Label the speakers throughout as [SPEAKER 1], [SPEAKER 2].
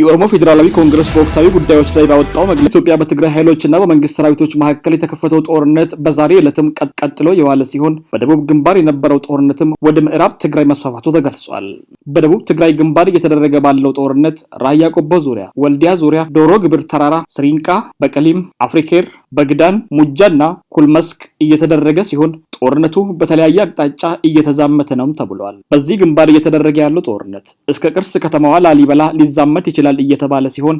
[SPEAKER 1] የኦሮሞ ፌዴራላዊ ኮንግረስ በወቅታዊ ጉዳዮች ላይ ባወጣው መግለጫ ኢትዮጵያ በትግራይ ኃይሎችና በመንግስት ሰራዊቶች መካከል የተከፈተው ጦርነት በዛሬ ዕለትም ቀጥሎ የዋለ ሲሆን በደቡብ ግንባር የነበረው ጦርነትም ወደ ምዕራብ ትግራይ መስፋፋቱ ተገልጿል። በደቡብ ትግራይ ግንባር እየተደረገ ባለው ጦርነት ራያ ቆቦ ዙሪያ፣ ወልዲያ ዙሪያ፣ ዶሮ ግብር ተራራ፣ ስሪንቃ፣ በቀሊም፣ አፍሪኬር፣ በግዳን፣ ሙጃና ኩልመስክ እየተደረገ ሲሆን ጦርነቱ በተለያየ አቅጣጫ እየተዛመተ ነውም ተብሏል። በዚህ ግንባር እየተደረገ ያለው ጦርነት እስከ ቅርስ ከተማዋ ላሊበላ ሊዛመት ይችላል ይቻላል እየተባለ ሲሆን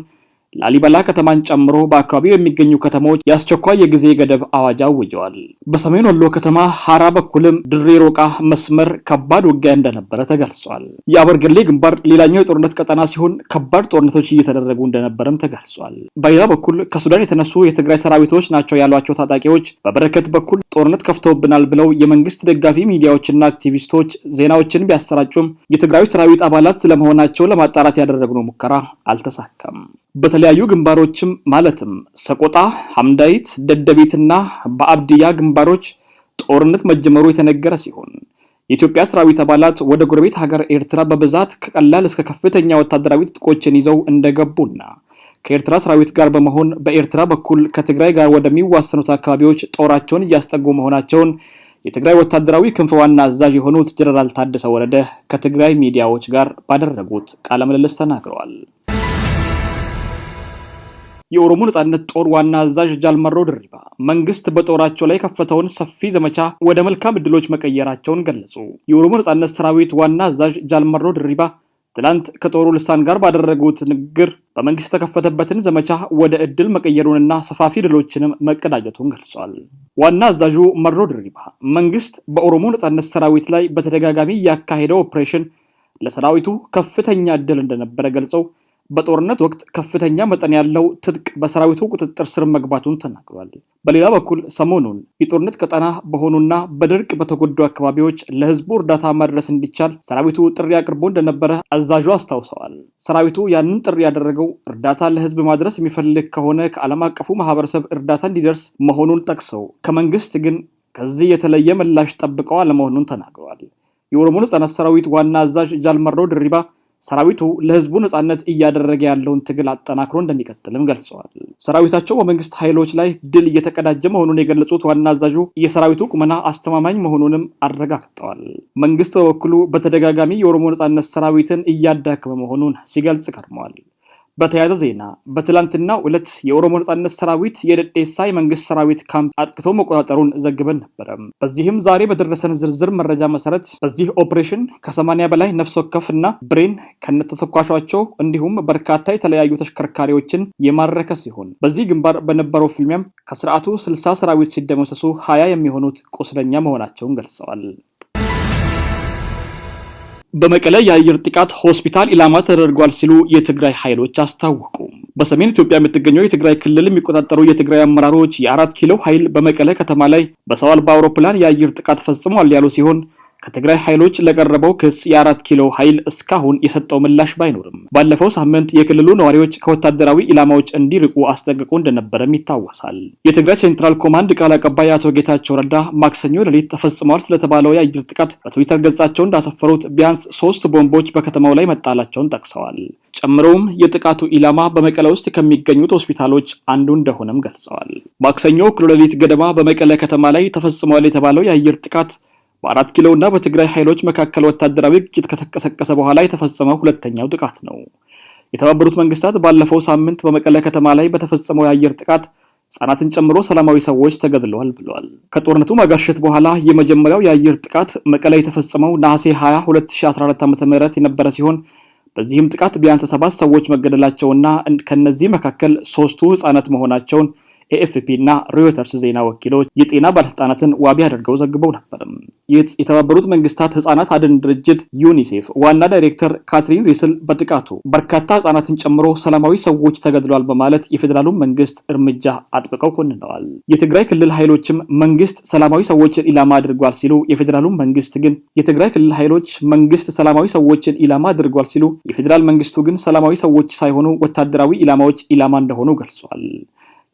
[SPEAKER 1] ላሊበላ ከተማን ጨምሮ በአካባቢው የሚገኙ ከተሞች የአስቸኳይ የጊዜ ገደብ አዋጅ አውጀዋል። በሰሜን ወሎ ከተማ ሀራ በኩልም ድሬ ሮቃ መስመር ከባድ ውጊያ እንደነበረ ተገልጿል። የአበርገሌ ግንባር ሌላኛው የጦርነት ቀጠና ሲሆን ከባድ ጦርነቶች እየተደረጉ እንደነበረም ተገልጿል። በሌላ በኩል ከሱዳን የተነሱ የትግራይ ሰራዊቶች ናቸው ያሏቸው ታጣቂዎች በበረከት በኩል ጦርነት ከፍተውብናል ብለው የመንግስት ደጋፊ ሚዲያዎችና አክቲቪስቶች ዜናዎችን ቢያሰራጩም የትግራዊ ሰራዊት አባላት ስለመሆናቸው ለማጣራት ያደረግነው ሙከራ አልተሳካም። በተለይ በተለያዩ ግንባሮችም ማለትም ሰቆጣ፣ ሐምዳይት፣ ደደቤትና በአብድያ ግንባሮች ጦርነት መጀመሩ የተነገረ ሲሆን የኢትዮጵያ ሰራዊት አባላት ወደ ጎረቤት ሀገር ኤርትራ በብዛት ከቀላል እስከ ከፍተኛ ወታደራዊ ትጥቆችን ይዘው እንደገቡና ከኤርትራ ሰራዊት ጋር በመሆን በኤርትራ በኩል ከትግራይ ጋር ወደሚዋሰኑት አካባቢዎች ጦራቸውን እያስጠጉ መሆናቸውን የትግራይ ወታደራዊ ክንፍ ዋና አዛዥ የሆኑት ጀነራል ታደሰ ወረደ ከትግራይ ሚዲያዎች ጋር ባደረጉት ቃለ ምልልስ ተናግረዋል። የኦሮሞ ነጻነት ጦር ዋና አዛዥ ጃልመሮ ድሪባ መንግስት በጦራቸው ላይ ከፈተውን ሰፊ ዘመቻ ወደ መልካም እድሎች መቀየራቸውን ገለጹ። የኦሮሞ ነጻነት ሰራዊት ዋና አዛዥ ጃልመሮ ድሪባ ትላንት ከጦሩ ልሳን ጋር ባደረጉት ንግግር በመንግስት የተከፈተበትን ዘመቻ ወደ እድል መቀየሩንና ሰፋፊ ድሎችንም መቀዳጀቱን ገልጿል። ዋና አዛዡ መሮ ድሪባ መንግስት በኦሮሞ ነጻነት ሰራዊት ላይ በተደጋጋሚ ያካሄደው ኦፕሬሽን ለሰራዊቱ ከፍተኛ እድል እንደነበረ ገልጸው በጦርነት ወቅት ከፍተኛ መጠን ያለው ትጥቅ በሰራዊቱ ቁጥጥር ስር መግባቱን ተናግሯል። በሌላ በኩል ሰሞኑን የጦርነት ቀጠና በሆኑና በድርቅ በተጎዱ አካባቢዎች ለህዝቡ እርዳታ ማድረስ እንዲቻል ሰራዊቱ ጥሪ አቅርቦ እንደነበረ አዛዡ አስታውሰዋል። ሰራዊቱ ያንን ጥሪ ያደረገው እርዳታ ለህዝብ ማድረስ የሚፈልግ ከሆነ ከዓለም አቀፉ ማህበረሰብ እርዳታ እንዲደርስ መሆኑን ጠቅሰው ከመንግስት ግን ከዚህ የተለየ ምላሽ ጠብቀው አለመሆኑን ተናግረዋል። የኦሮሞ ነጻነት ሰራዊት ዋና አዛዥ ጃልመሮ ድሪባ ሰራዊቱ ለህዝቡ ነጻነት እያደረገ ያለውን ትግል አጠናክሮ እንደሚቀጥልም ገልጸዋል። ሰራዊታቸው በመንግስት ኃይሎች ላይ ድል እየተቀዳጀ መሆኑን የገለጹት ዋና አዛዡ የሰራዊቱ ቁመና አስተማማኝ መሆኑንም አረጋግጠዋል። መንግስት በበኩሉ በተደጋጋሚ የኦሮሞ ነጻነት ሰራዊትን እያዳከመ መሆኑን ሲገልጽ ቀርመዋል። በተያያዘ ዜና በትላንትናው ዕለት የኦሮሞ ነጻነት ሰራዊት የደዴሳ የመንግስት ሰራዊት ካምፕ አጥቅቶ መቆጣጠሩን ዘግበን ነበረ። በዚህም ዛሬ በደረሰን ዝርዝር መረጃ መሰረት በዚህ ኦፕሬሽን ከሰማንያ በላይ ነፍስ ወከፍ እና ብሬን ከነተተኳሿቸው እንዲሁም በርካታ የተለያዩ ተሽከርካሪዎችን የማረከ ሲሆን በዚህ ግንባር በነበረው ፍልሚያም ከስርዓቱ ስልሳ ሰራዊት ሲደመሰሱ ሀያ የሚሆኑት ቁስለኛ መሆናቸውን ገልጸዋል። በመቀለ የአየር ጥቃት ሆስፒታል ኢላማ ተደርጓል ሲሉ የትግራይ ኃይሎች አስታወቁ። በሰሜን ኢትዮጵያ የምትገኘው የትግራይ ክልል የሚቆጣጠሩ የትግራይ አመራሮች የአራት ኪሎ ኃይል በመቀለ ከተማ ላይ በሰው አልባ አውሮፕላን የአየር ጥቃት ፈጽሟል ያሉ ሲሆን ከትግራይ ኃይሎች ለቀረበው ክስ የአራት ኪሎ ኃይል እስካሁን የሰጠው ምላሽ ባይኖርም ባለፈው ሳምንት የክልሉ ነዋሪዎች ከወታደራዊ ኢላማዎች እንዲርቁ አስጠንቅቆ እንደነበረም ይታወሳል። የትግራይ ሴንትራል ኮማንድ ቃል አቀባይ አቶ ጌታቸው ረዳ ማክሰኞ ሌሊት ተፈጽመዋል ስለተባለው የአየር ጥቃት በትዊተር ገጻቸው እንዳሰፈሩት ቢያንስ ሶስት ቦምቦች በከተማው ላይ መጣላቸውን ጠቅሰዋል። ጨምረውም የጥቃቱ ኢላማ በመቀለ ውስጥ ከሚገኙት ሆስፒታሎች አንዱ እንደሆነም ገልጸዋል። ማክሰኞ እኩለ ሌሊት ገደማ በመቀለ ከተማ ላይ ተፈጽመዋል የተባለው የአየር ጥቃት በአራት ኪሎ እና በትግራይ ኃይሎች መካከል ወታደራዊ ግጭት ከተቀሰቀሰ በኋላ የተፈጸመው ሁለተኛው ጥቃት ነው። የተባበሩት መንግስታት ባለፈው ሳምንት በመቀለ ከተማ ላይ በተፈጸመው የአየር ጥቃት ህጻናትን ጨምሮ ሰላማዊ ሰዎች ተገድለዋል ብለዋል። ከጦርነቱ ማጋሸት በኋላ የመጀመሪያው የአየር ጥቃት መቀለ የተፈጸመው ነሐሴ 20 2014 ዓ ም የነበረ ሲሆን በዚህም ጥቃት ቢያንስ ሰባት ሰዎች መገደላቸውና ከእነዚህ መካከል ሶስቱ ህጻናት መሆናቸውን ኤኤፍፒ እና ሮይተርስ ዜና ወኪሎች የጤና ባለስልጣናትን ዋቢ አድርገው ዘግበው ነበር። የተባበሩት መንግስታት ህጻናት አድን ድርጅት ዩኒሴፍ ዋና ዳይሬክተር ካትሪን ሪስል በጥቃቱ በርካታ ህጻናትን ጨምሮ ሰላማዊ ሰዎች ተገድለዋል በማለት የፌዴራሉን መንግስት እርምጃ አጥብቀው ኮንነዋል። የትግራይ ክልል ኃይሎችም መንግስት ሰላማዊ ሰዎችን ኢላማ አድርጓል ሲሉ የፌዴራሉን መንግስት ግን የትግራይ ክልል ኃይሎች መንግስት ሰላማዊ ሰዎችን ኢላማ አድርጓል ሲሉ የፌዴራል መንግስቱ ግን ሰላማዊ ሰዎች ሳይሆኑ ወታደራዊ ኢላማዎች ኢላማ እንደሆኑ ገልጿል።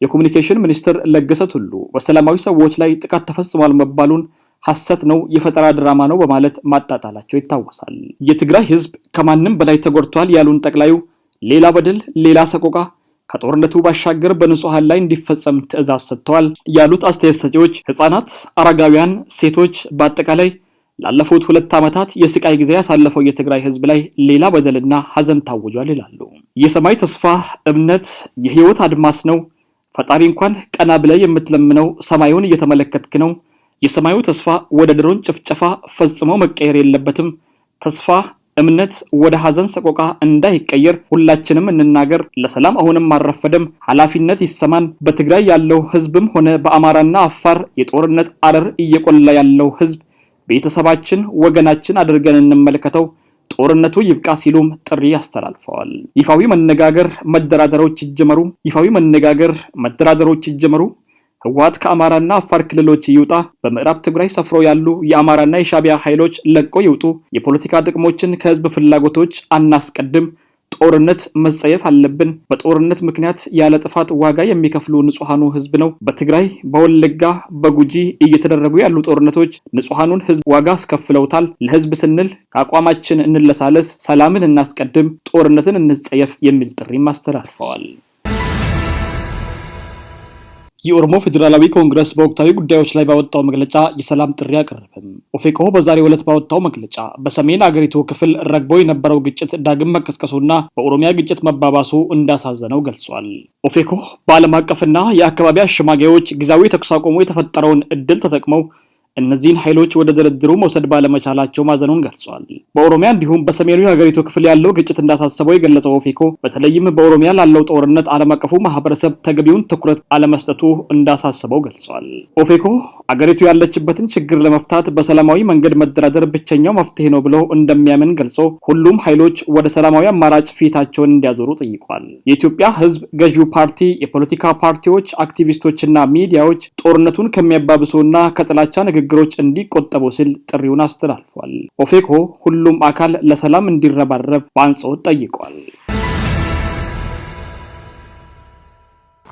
[SPEAKER 1] የኮሚኒኬሽን ሚኒስትር ለገሰ ቱሉ በሰላማዊ ሰዎች ላይ ጥቃት ተፈጽሟል መባሉን ሐሰት ነው፣ የፈጠራ ድራማ ነው በማለት ማጣጣላቸው ይታወሳል። የትግራይ ህዝብ ከማንም በላይ ተጎድቷል ያሉን ጠቅላዩ ሌላ በደል፣ ሌላ ሰቆቃ ከጦርነቱ ባሻገር በንጹሐን ላይ እንዲፈጸም ትዕዛዝ ሰጥተዋል ያሉት አስተያየት ሰጪዎች ህጻናት፣ አረጋውያን፣ ሴቶች በአጠቃላይ ላለፉት ሁለት ዓመታት የስቃይ ጊዜ ያሳለፈው የትግራይ ህዝብ ላይ ሌላ በደልና ሐዘን ታውጇል ይላሉ። የሰማይ ተስፋ እምነት የህይወት አድማስ ነው ፈጣሪ እንኳን ቀና ብለህ የምትለምነው ሰማዩን እየተመለከትክ ነው። የሰማዩ ተስፋ ወደ ድሮን ጭፍጨፋ ፈጽሞ መቀየር የለበትም። ተስፋ እምነት ወደ ሐዘን ሰቆቃ እንዳይቀየር ሁላችንም እንናገር። ለሰላም አሁንም አረፈደም፣ ኃላፊነት ይሰማን። በትግራይ ያለው ህዝብም ሆነ በአማራና አፋር የጦርነት አረር እየቆላ ያለው ህዝብ ቤተሰባችን፣ ወገናችን አድርገን እንመልከተው። ጦርነቱ ይብቃ ሲሉም ጥሪ አስተላልፈዋል። ይፋዊ መነጋገር መደራደሮች ይጀመሩ፣ ይፋዊ መነጋገር መደራደሮች ይጀመሩ ህወሓት ከአማራና አፋር ክልሎች ይውጣ፣ በምዕራብ ትግራይ ሰፍሮ ያሉ የአማራና የሻቢያ ኃይሎች ለቆ ይውጡ፣ የፖለቲካ ጥቅሞችን ከህዝብ ፍላጎቶች አናስቀድም ጦርነት መጸየፍ አለብን። በጦርነት ምክንያት ያለ ጥፋት ዋጋ የሚከፍሉ ንጹሐኑ ህዝብ ነው። በትግራይ በወለጋ በጉጂ እየተደረጉ ያሉ ጦርነቶች ንጹሐኑን ህዝብ ዋጋ አስከፍለውታል። ለህዝብ ስንል ከአቋማችን እንለሳለስ፣ ሰላምን እናስቀድም፣ ጦርነትን እንጸየፍ የሚል ጥሪም አስተላልፈዋል። የኦሮሞ ፌዴራላዊ ኮንግረስ በወቅታዊ ጉዳዮች ላይ ባወጣው መግለጫ የሰላም ጥሪ አቀረበም። ኦፌኮ በዛሬው ዕለት ባወጣው መግለጫ በሰሜን አገሪቱ ክፍል ረግቦ የነበረው ግጭት ዳግም መቀስቀሱና በኦሮሚያ ግጭት መባባሱ እንዳሳዘነው ገልጿል። ኦፌኮ በዓለም አቀፍና የአካባቢ አሸማጊዎች ጊዜያዊ ተኩስ አቁሙ የተፈጠረውን እድል ተጠቅመው እነዚህን ኃይሎች ወደ ድርድሩ መውሰድ ባለመቻላቸው ማዘኑን ገልጿል። በኦሮሚያ እንዲሁም በሰሜኑ የሀገሪቱ ክፍል ያለው ግጭት እንዳሳሰበው የገለጸው ኦፌኮ በተለይም በኦሮሚያ ላለው ጦርነት ዓለም አቀፉ ማህበረሰብ ተገቢውን ትኩረት አለመስጠቱ እንዳሳሰበው ገልጿል። ኦፌኮ አገሪቱ ያለችበትን ችግር ለመፍታት በሰላማዊ መንገድ መደራደር ብቸኛው መፍትሄ ነው ብሎ እንደሚያምን ገልጾ ሁሉም ኃይሎች ወደ ሰላማዊ አማራጭ ፊታቸውን እንዲያዞሩ ጠይቋል። የኢትዮጵያ ሕዝብ ገዢው ፓርቲ፣ የፖለቲካ ፓርቲዎች፣ አክቲቪስቶችና ሚዲያዎች ጦርነቱን ከሚያባብሱና ከጥላቻ ንግግ ችግሮች እንዲቆጠቡ ሲል ጥሪውን አስተላልፏል። ኦፌኮ ሁሉም አካል ለሰላም እንዲረባረብ በአንጽኦት ጠይቋል።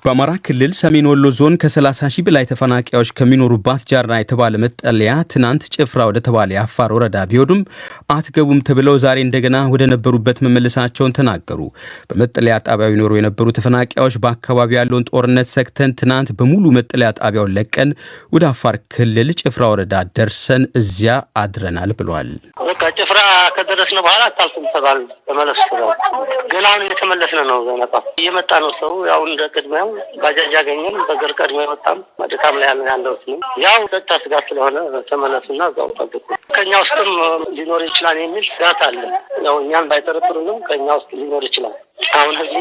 [SPEAKER 1] በአማራ ክልል ሰሜን ወሎ ዞን ከ30 ሺህ በላይ ተፈናቃዮች ከሚኖሩባት ጃራ የተባለ መጠለያ ትናንት ጭፍራ ወደ ተባለ የአፋር ወረዳ ቢሆዱም አትገቡም ተብለው ዛሬ እንደገና ወደ ነበሩበት መመለሳቸውን ተናገሩ። በመጠለያ ጣቢያው ይኖሩ የነበሩ ተፈናቃዮች በአካባቢው ያለውን ጦርነት ሰግተን ትናንት በሙሉ መጠለያ ጣቢያውን ለቀን ወደ አፋር ክልል ጭፍራ ወረዳ ደርሰን እዚያ አድረናል ብሏል።
[SPEAKER 2] ጭፍራ ከደረስነ በኋላ አታልፍም ተባል ተመለስ ግን አሁን እየተመለስን ነው። እየመጣ ነው ሰው ያው እንደ ቅድሚያው ባጃጅ ያገኘን በእግር ቀድሞ የወጣም መድካም ላይ ያለ ያለው ያው ጸጥታ ስጋት ስለሆነ ተመለሱና እዛው ጠብቁ ከኛ ውስጥም ሊኖር ይችላል የሚል ስጋት አለ። ያው እኛን ባይጠረጥሩንም ከኛ ውስጥ ሊኖር ይችላል። አሁን ህዝቡ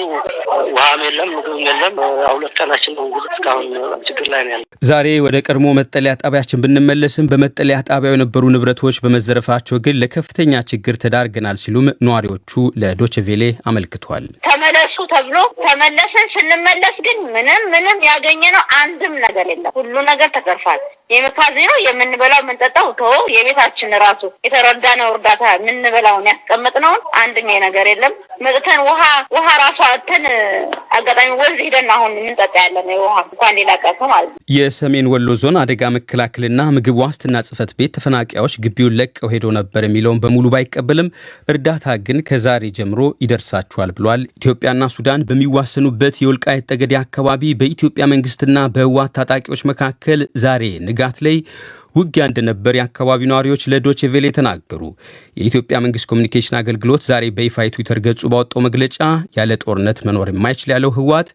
[SPEAKER 2] ውሃም የለም ምግብም የለም። ሁለት ቀናችን ነው እንግዲህ እስካሁን ችግር
[SPEAKER 1] ላይ ነው ያለ። ዛሬ ወደ ቀድሞ መጠለያ ጣቢያችን ብንመለስም በመጠለያ ጣቢያው የነበሩ ንብረቶች በመዘረፋቸው ግን ለከፍተኛ ችግር ተዳርገናል ሲሉም ነዋሪዎቹ ለዶችቬሌ አመልክቷል።
[SPEAKER 2] ተመለሱ ተብሎ ተመለስን። ስንመለስ ግን ምንም ምንም ያገኘነው አንድም ነገር የለም። ሁሉ ነገር ተቀርፏል። የመካዜኖ የምንበላው የምንጠጣው ቶ የቤታችን ራሱ የተረዳነው እርዳታ የምንበላውን ያስቀመጥነውን አንድም ነገር የለም። መጥተን ውሃ ውሃ ራሱ አተን አጋጣሚ ወንዝ ሄደን አሁን የምንጠጣ ያለን ውሃ እንኳን ሌላ ቀርቶ ማለት ነው።
[SPEAKER 1] የሰሜን ወሎ ዞን አደጋ መከላከልና ምግብ ዋስትና ጽህፈት ቤት ተፈናቃዮች ግቢውን ለቀው ሄዶ ነበር የሚለውን በሙሉ ባይቀበልም እርዳታ ግን ከዛሬ ጀምሮ ይደርሳችኋል ብሏል። ኢትዮጵያና ሱዳን በሚዋሰኑበት የወልቃይት ጠገዴ አካባቢ በኢትዮጵያ መንግስትና በህወሓት ታጣቂዎች መካከል ዛሬ ንጋት ላይ ውጊያ እንደነበር የአካባቢው ነዋሪዎች ለዶቼ ቬለ ተናገሩ። የኢትዮጵያ መንግስት ኮሚኒኬሽን አገልግሎት ዛሬ በይፋ የትዊተር ገጹ ባወጣው መግለጫ ያለ ጦርነት መኖር የማይችል ያለው ህወሓት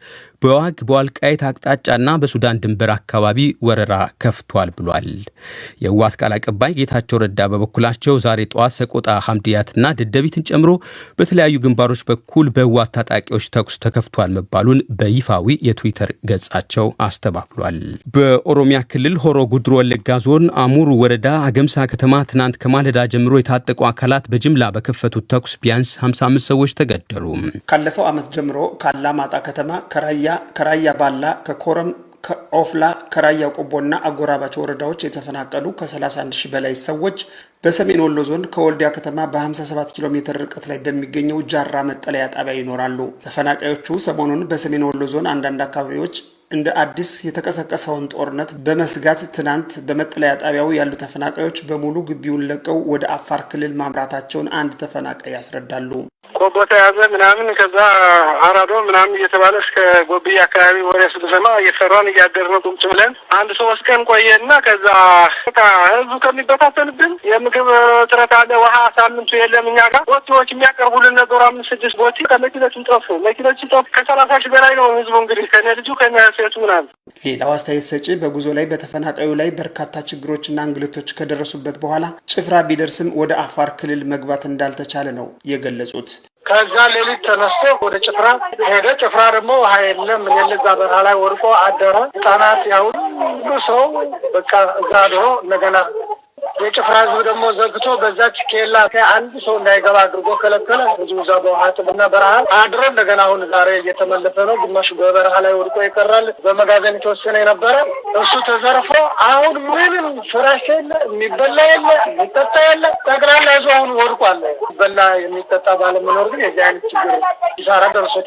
[SPEAKER 1] በዋግ በዋልቃይት አቅጣጫና በሱዳን ድንበር አካባቢ ወረራ ከፍቷል ብሏል። የህወሓት ቃል አቀባይ ጌታቸው ረዳ በበኩላቸው ዛሬ ጠዋት ሰቆጣ፣ ሐምድያትና ደደቢትን ጨምሮ በተለያዩ ግንባሮች በኩል በህወሓት ታጣቂዎች ተኩስ ተከፍቷል መባሉን በይፋዊ የትዊተር ገጻቸው አስተባብሏል። በኦሮሚያ ክልል ሆሮ ጉድሮ ወለጋ ዞን አሙር ወረዳ አገምሳ ከተማ ትናንት ከማለዳ ጀምሮ የታጠቁ አካላት በጅምላ በከፈቱት ተኩስ ቢያንስ 55 ሰዎች ተገደሉ።
[SPEAKER 3] ካለፈው ዓመት ጀምሮ ከአላማጣ ከተማ፣ ከራያ ከራያ ባላ፣ ከኮረም ከኦፍላ ከራያ ቆቦና አጎራባቸው ወረዳዎች የተፈናቀሉ ከ31 ሺህ በላይ ሰዎች በሰሜን ወሎ ዞን ከወልዲያ ከተማ በ57 ኪሎ ሜትር ርቀት ላይ በሚገኘው ጃራ መጠለያ ጣቢያ ይኖራሉ። ተፈናቃዮቹ ሰሞኑን በሰሜን ወሎ ዞን አንዳንድ አካባቢዎች እንደ አዲስ የተቀሰቀሰውን ጦርነት በመስጋት ትናንት በመጠለያ ጣቢያው ያሉ ተፈናቃዮች በሙሉ ግቢውን ለቀው ወደ አፋር ክልል ማምራታቸውን አንድ ተፈናቃይ ያስረዳሉ።
[SPEAKER 4] ቆቦ ተያዘ ምናምን ከዛ አራዶ ምናምን እየተባለ እስከ ጎብዬ አካባቢ ወሬ ስንሰማ እየሰራን እያደርነው ቁምጭ ብለን አንድ ሶስት ቀን ቆየና ከዛ ህዝቡ ከሚበታተንብን የምግብ እጥረት አለ፣ ውሃ ሳምንቱ የለም። እኛ ጋር ቦቲዎች የሚያቀርቡልን ነገሩ አምስት ስድስት ቦቲ ከመኪኖችን ጠፉ፣ መኪኖችን ጠፉ። ከሰላሳ ሺህ በላይ ነው ህዝቡ እንግዲህ ከነ ልጁ ከነ ሴቱ ምናምን።
[SPEAKER 1] ሌላው አስተያየት ሰጪ በጉዞ ላይ በተፈናቃዩ ላይ በርካታ ችግሮችና እንግልቶች ከደረሱበት በኋላ ጭፍራ ቢደርስም ወደ አፋር ክልል መግባት እንዳልተቻለ ነው የገለጹት።
[SPEAKER 4] ከዛ ሌሊት ተነስቶ ወደ ጭፍራ ሄደ። ጭፍራ ደግሞ ውሃ የለም የለዛ በረሃ ላይ ወድቆ አደረ። ህጻናት ሁሉ ሰው በቃ እዛ ድሮ እንደገና የጭፍራ ህዝብ ደግሞ ዘግቶ በዛች ኬላ አንድ ሰው እንዳይገባ አድርጎ ከለከለ። ህዝቡ እዛ በውሃ ጥምና በረሃ አድሮ እንደገና አሁን ዛሬ እየተመለሰ ነው። ግማሹ በበረሃ ላይ ወድቆ ይቀራል። በመጋዘን የተወሰነ የነበረ እሱ ተዘርፎ አሁን ምንም ፍራሽ የለ፣ የሚበላ የለ፣ የሚጠጣ የለ። ጠቅላላ ህዝቡ አሁን ወድቋል። የሚበላ የሚጠጣ ባለመኖር ግን የዚህ አይነት ችግር ይሳራ ደርሶት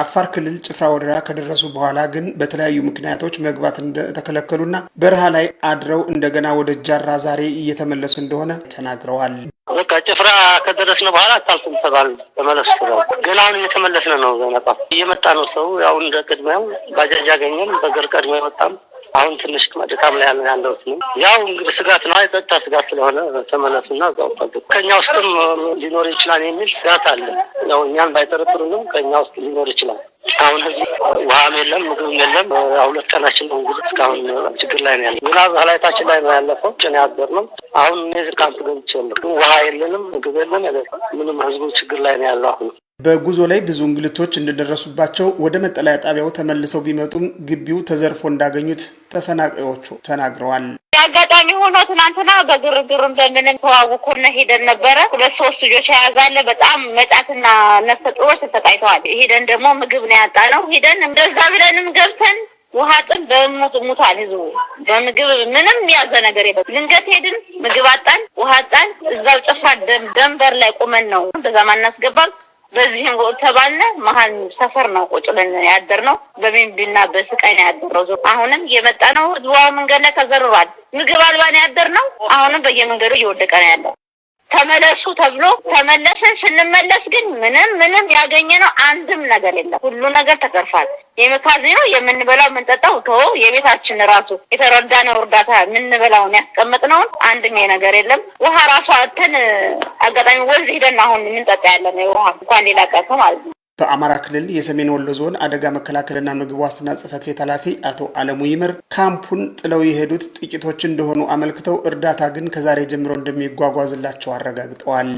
[SPEAKER 1] አፋር ክልል ጭፍራ ወረዳ ከደረሱ በኋላ ግን በተለያዩ ምክንያቶች መግባት እንደተከለከሉና በረሃ ላይ አድረው እንደገና ወደ ጃራ ዛሬ እየተመለሱ እንደሆነ ተናግረዋል።
[SPEAKER 2] በቃ ጭፍራ ከደረስን በኋላ አታልቁም ተባል ተመለሱ ተባል። ግን አሁን እየተመለስን ነው። ዘነጣ እየመጣ ነው ሰው ያው እንደ ቅድሚያው ባጃጅ ያገኘን በእግር ቀድሞ የመጣም አሁን ትንሽ ድካም ላይ ያለ ያለሁት ነው። ያው እንግዲህ ስጋት ነው የጸጥታ ስጋት ስለሆነ ተመለሱና እዛው ጠብቁ፣ ከእኛ ውስጥም ሊኖር ይችላል የሚል ስጋት አለ። ያው እኛን ባይጠረጥሩንም ከእኛ ውስጥ ሊኖር ይችላል እስካሁን ህዝብ ውሃም የለም ምግብም የለም። ሁለት ቀናችን ነው እንግዲህ እስካሁን ችግር ላይ ነው ያለ። ዝናብ ላይታችን ላይ ነው ያለፈው ጭን ያበር ነው። አሁን እኔ ካምፕ ገብቼ የለም ግን ውሃ የለንም ምግብ የለን ምንም ህዝቡ ችግር ላይ ነው ያለው አሁን
[SPEAKER 1] በጉዞ ላይ ብዙ እንግልቶች እንደደረሱባቸው ወደ መጠለያ ጣቢያው ተመልሰው ቢመጡም ግቢው ተዘርፎ እንዳገኙት ተፈናቃዮቹ ተናግረዋል።
[SPEAKER 2] አጋጣሚ ሆኖ ትናንትና በግርግርም በምንም ተዋውኮና ሄደን ነበረ። ሁለት ሶስት ልጆች ያዛለ በጣም መጫትና ነፍሰ ጡሮች ተሰቃይተዋል። ሄደን ደግሞ ምግብ ነው ያጣ ነው። ሄደን እንደዛ ብለንም ገብተን ውሃ ጥን በሞት ሙቷል ህዝቡ በምግብ ምንም ያዘ ነገር የለም። ልንገት ሄድን፣ ምግብ አጣን፣ ውሃ አጣን። እዛው ጭፍራ ደንበር ላይ ቁመን ነው በዛ ማናስገባል በዚህም ተባለ መሀል ሰፈር ነው ቁጭ ብለን ያደር ነው። በሚንቢና በስቃይ ነው ያደረው። አሁንም እየመጣ ነው። ድዋ መንገድ ላይ ተዘርሯል። ምግብ አልባን ያደር ነው። አሁንም በየመንገዱ እየወደቀ ነው ያለው። ተመለሱ ተብሎ ተመለስን። ስንመለስ ግን ምንም ምንም ያገኘነው አንድም ነገር የለም። ሁሉ ነገር ተቀርፏል። ነው የምንበላው የምንጠጣው ቶ የቤታችን ራሱ የተረዳነው እርዳታ የምንበላውን ያስቀመጥነውን አንድም ነገር የለም። ውሃ ራሱ አተን አጋጣሚ ወንዝ ሂደን አሁን የምንጠጣ ያለ ነው ውሃ እንኳን ሌላ ቀርቶ ማለት ነው።
[SPEAKER 1] በአማራ ክልል የሰሜን ወሎ ዞን አደጋ መከላከልና ምግብ ዋስትና ጽፈት ቤት ኃላፊ አቶ አለሙ ይምር ካምፑን ጥለው የሄዱት ጥቂቶች እንደሆኑ አመልክተው እርዳታ ግን ከዛሬ ጀምሮ እንደሚጓጓዝላቸው አረጋግጠዋል።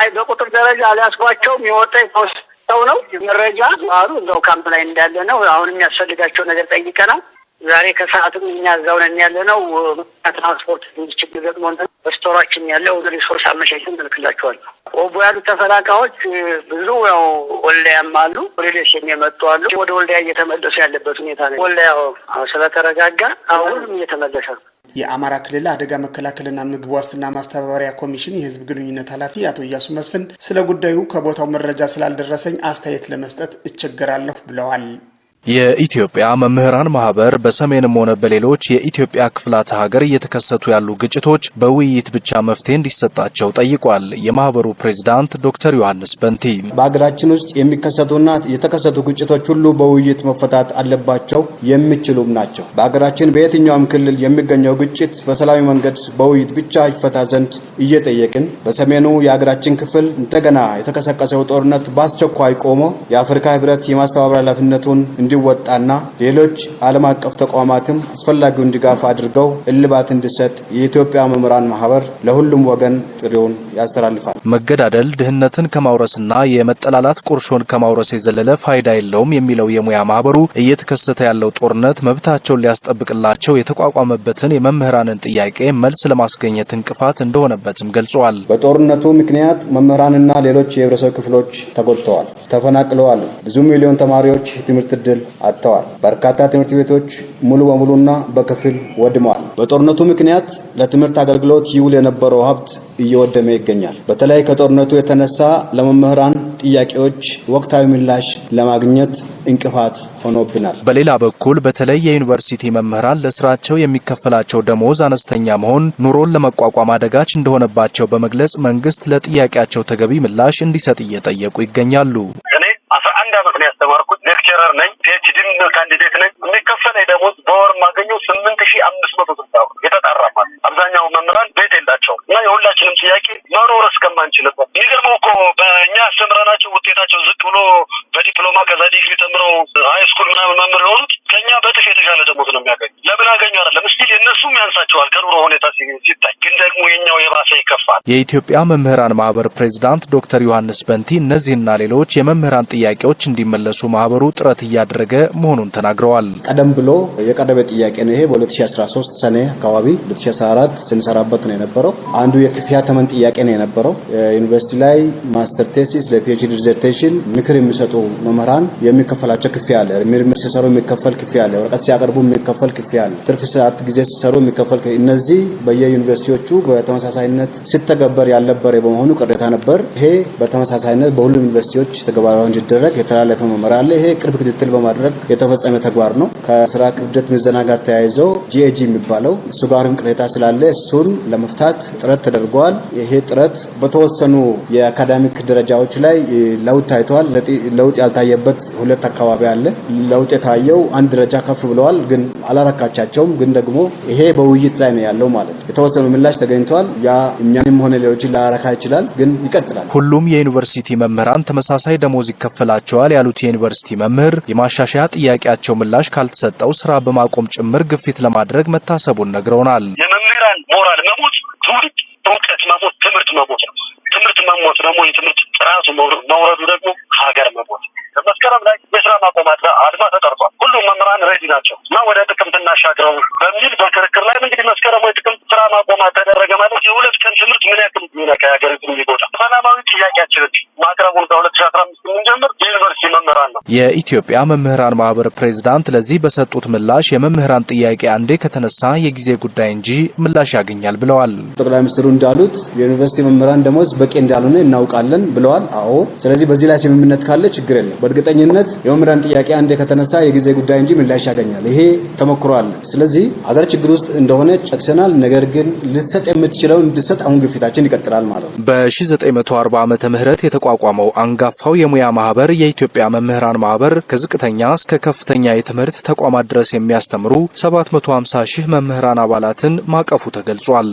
[SPEAKER 4] አይ በቁጥር ደረጃ አልያዝኳቸውም። የወጣ ፖስት ሰው ነው መረጃ አሉ እዛው ካምፕ ላይ እንዳለ ነው። አሁን የሚያስፈልጋቸው ነገር ጠይቀናል። ዛሬ ከሰዓትም እኛ እዛው ነን ያለ ነው። ትራንስፖርት ችግር ገጥሞን በስቶራችን ያለው ሪሶርስ አመሻሽን እንልክላቸዋል። ቆቦ ያሉ ተፈናቃዮች ብዙ ያው ወልዳያም አሉ፣ ሬሌስ የመጡ አሉ። ወደ ወልዳያ እየተመለሱ ያለበት ሁኔታ ነው። ወልዳያ ስለተረጋጋ አሁንም እየተመለሰ ነው።
[SPEAKER 1] የአማራ ክልል አደጋ መከላከልና ምግብ ዋስትና ማስተባበሪያ ኮሚሽን የሕዝብ ግንኙነት ኃላፊ አቶ እያሱ መስፍን ስለ ጉዳዩ ከቦታው መረጃ ስላልደረሰኝ አስተያየት ለመስጠት እቸገራለሁ ብለዋል። የኢትዮጵያ መምህራን ማህበር በሰሜንም ሆነ በሌሎች የኢትዮጵያ ክፍላተ ሀገር እየተከሰቱ ያሉ ግጭቶች በውይይት ብቻ መፍትሄ እንዲሰጣቸው ጠይቋል። የማህበሩ ፕሬዝዳንት ዶክተር ዮሐንስ በንቲ
[SPEAKER 5] በሀገራችን ውስጥ የሚከሰቱና የተከሰቱ ግጭቶች ሁሉ በውይይት መፈታት አለባቸው፣ የሚችሉም ናቸው። በሀገራችን በየትኛውም ክልል የሚገኘው ግጭት በሰላማዊ መንገድ በውይይት ብቻ ይፈታ ዘንድ እየጠየቅን በሰሜኑ የሀገራችን ክፍል እንደገና የተቀሰቀሰው ጦርነት በአስቸኳይ ቆሞ የአፍሪካ ህብረት የማስተባበር ኃላፊነቱን እንዲ እንዲወጣና ሌሎች ዓለም አቀፍ ተቋማትም አስፈላጊውን ድጋፍ አድርገው እልባት እንዲሰጥ የኢትዮጵያ መምህራን ማህበር ለሁሉም ወገን ጥሪውን ያስተላልፋል።
[SPEAKER 1] መገዳደል ድህነትን ከማውረስና የመጠላላት ቁርሾን ከማውረስ የዘለለ ፋይዳ የለውም የሚለው የሙያ ማህበሩ እየተከሰተ ያለው ጦርነት መብታቸውን ሊያስጠብቅላቸው የተቋቋመበትን የመምህራንን ጥያቄ መልስ ለማስገኘት እንቅፋት እንደሆነበትም ገልጿል።
[SPEAKER 5] በጦርነቱ ምክንያት መምህራንና ሌሎች የህብረተሰብ ክፍሎች ተጎድተዋል፣ ተፈናቅለዋል። ብዙ ሚሊዮን ተማሪዎች ትምህርት ክፍል አጥተዋል። በርካታ ትምህርት ቤቶች ሙሉ በሙሉና በከፊል ወድመዋል። በጦርነቱ ምክንያት ለትምህርት አገልግሎት ይውል የነበረው ሀብት እየወደመ ይገኛል። በተለይ ከጦርነቱ የተነሳ ለመምህራን ጥያቄዎች ወቅታዊ ምላሽ ለማግኘት እንቅፋት ሆኖብናል።
[SPEAKER 1] በሌላ በኩል በተለይ የዩኒቨርሲቲ መምህራን ለስራቸው የሚከፈላቸው ደሞዝ አነስተኛ መሆን ኑሮን ለመቋቋም አደጋች እንደሆነባቸው በመግለጽ መንግስት ለጥያቄያቸው ተገቢ ምላሽ እንዲሰጥ እየጠየቁ ይገኛሉ።
[SPEAKER 6] አንድ አመት ነው ያስተማርኩት። ሌክቸረር ነኝ፣ ፒኤችዲም ካንዲዴት ነኝ። የሚከፈለኝ ደሞዝ በወር የማገኘው ስምንት ሺህ አምስት መቶ ስልሳ የተጣራ ማለት አብዛኛው መምህራን ቤት የላቸውም እና የሁላችንም ጥያቄ መኖር እስከማንችልበት የሚገርመው እኮ በእኛ አስተምረናቸው ውጤታቸው ዝቅ ብሎ በዲፕሎማ ከዛ ዲግሪ ተምረው ሀይ ስኩል ምናምን መምህር የሆኑት ከእኛ በጥፍ የተሻለ ደሞዝ ነው የሚያገኙ። ለምን አገኙ አይደለም እስኪል እነሱም ያንሳቸዋል ከኑሮ ሁኔታ ሲታይ፣ ግን ደግሞ የኛው የባሰ ይከፋል።
[SPEAKER 1] የኢትዮጵያ መምህራን ማህበር ፕሬዚዳንት ዶክተር ዮሐንስ በንቲ እነዚህና ሌሎች የመምህራን ጥያቄዎች ጥያቄዎች እንዲመለሱ ማህበሩ ጥረት እያደረገ መሆኑን ተናግረዋል።
[SPEAKER 5] ቀደም ብሎ የቀረበ ጥያቄ ነው። ይሄ በ2013 ሰኔ አካባቢ 2014 ስንሰራበት ነው የነበረው። አንዱ የክፍያ ተመን ጥያቄ ነው የነበረው። ዩኒቨርሲቲ ላይ ማስተር ቴሲስ ለፒኤችዲ ዲዘርቴሽን ምክር የሚሰጡ መምህራን የሚከፈላቸው ክፍያ አለ። ምርምር ሲሰሩ የሚከፈል ክፍያ አለ። ወረቀት ሲያቀርቡ የሚከፈል ክፍያ አለ። ትርፍ ሰዓት ጊዜ ሲሰሩ የሚከፈል እነዚህ በየዩኒቨርሲቲዎቹ በተመሳሳይነት ሲተገበር ያልነበረ በመሆኑ ቅሬታ ነበር። ይሄ በተመሳሳይነት በሁሉም ዩኒቨርሲቲዎች ተግባራዊ እንዲደረግ የተላለፈ መመሪያ አለ። ይሄ ቅርብ ክትትል በማድረግ የተፈጸመ ተግባር ነው። ከስራ ክብደት ምዘና ጋር ተያይዘው ጂኤጂ የሚባለው እሱ ጋርም ቅሬታ ስላለ እሱን ለመፍታት ጥረት ተደርጓል። ይሄ ጥረት በተወሰኑ የአካዳሚክ ደረጃዎች ላይ ለውጥ ታይተዋል። ለውጥ ያልታየበት ሁለት አካባቢ አለ። ለውጥ የታየው አንድ ደረጃ ከፍ ብለዋል፣ ግን አላረካቻቸውም። ግን ደግሞ ይሄ በውይይት ላይ ነው ያለው ማለት ነው። የተወሰኑ ምላሽ ተገኝተዋል። ያ እኛንም ሆነ ሌሎችን ላረካ ይችላል፣ ግን ይቀጥላል።
[SPEAKER 1] ሁሉም የዩኒቨርሲቲ መምህራን ተመሳሳይ ደሞዝ ይከፈላቸዋል ተደርጎባቸዋል ያሉት የዩኒቨርሲቲ መምህር የማሻሻያ ጥያቄያቸው ምላሽ ካልተሰጠው ስራ በማቆም ጭምር ግፊት ለማድረግ መታሰቡን ነግረውናል።
[SPEAKER 6] የመምህራን ሞራል መሞት ትውልድ እውቀት መሞት ትምህርት መሞት ነው። ትምህርት መሞት ደግሞ የትምህርት ጥራቱ መውረዱ ደግሞ ሀገር መሞት በመስከረም ላይ የስራ ማቆም አድማ ተጠርቋል ሁሉም መምህራን ሬዲ ናቸው እና ወደ ጥቅምት እናሻግረው በሚል በክርክር ላይ እንግዲህ መስከረም ወይ ጥቅምት ስራ ማቆም ተደረገ ማለት የሁለት ቀን ትምህርት ምን ያክል ሚነካ የሀገሪቱን ሊጎዳ ሰላማዊ ጥያቄያችንን ማቅረቡን ከሁለት ሺ አስራ አምስት የምንጀምር የዩኒቨርሲቲ መምህራን ነው።
[SPEAKER 1] የኢትዮጵያ መምህራን ማህበር ፕሬዚዳንት ለዚህ በሰጡት ምላሽ የመምህራን ጥያቄ አንዴ ከተነሳ የጊዜ ጉዳይ እንጂ ምላሽ ያገኛል ብለዋል።
[SPEAKER 5] ጠቅላይ ሚኒስትሩ እንዳሉት የዩኒቨርሲቲ መምህራን ደሞዝ በቂ እንዳልሆነ እናውቃለን ብለዋል። አዎ፣ ስለዚህ በዚህ ላይ ስምምነት ካለ ችግር የለም። በእርግጠኝነት የመምህራን ጥያቄ አንዴ ከተነሳ የጊዜ ጉዳይ እንጂ ምላሽ ያገኛል። ይሄ ተሞክሮ አለ። ስለዚህ ሀገር ችግር ውስጥ እንደሆነ ጨክሰናል። ነገር ግን ልትሰጥ የምትችለው እንድሰጥ አሁን ግፊታችን ይቀጥላል ማለት
[SPEAKER 1] ነው። በ1940 ዓመተ ምህረት የተቋቋመው አንጋፋው የሙያ ማህበር የኢትዮጵያ መምህራን ማህበር ከዝቅተኛ እስከ ከፍተኛ የትምህርት ተቋማት ድረስ የሚያስተምሩ 750 ሺህ መምህራን አባላትን ማቀፉ ተገልጿል።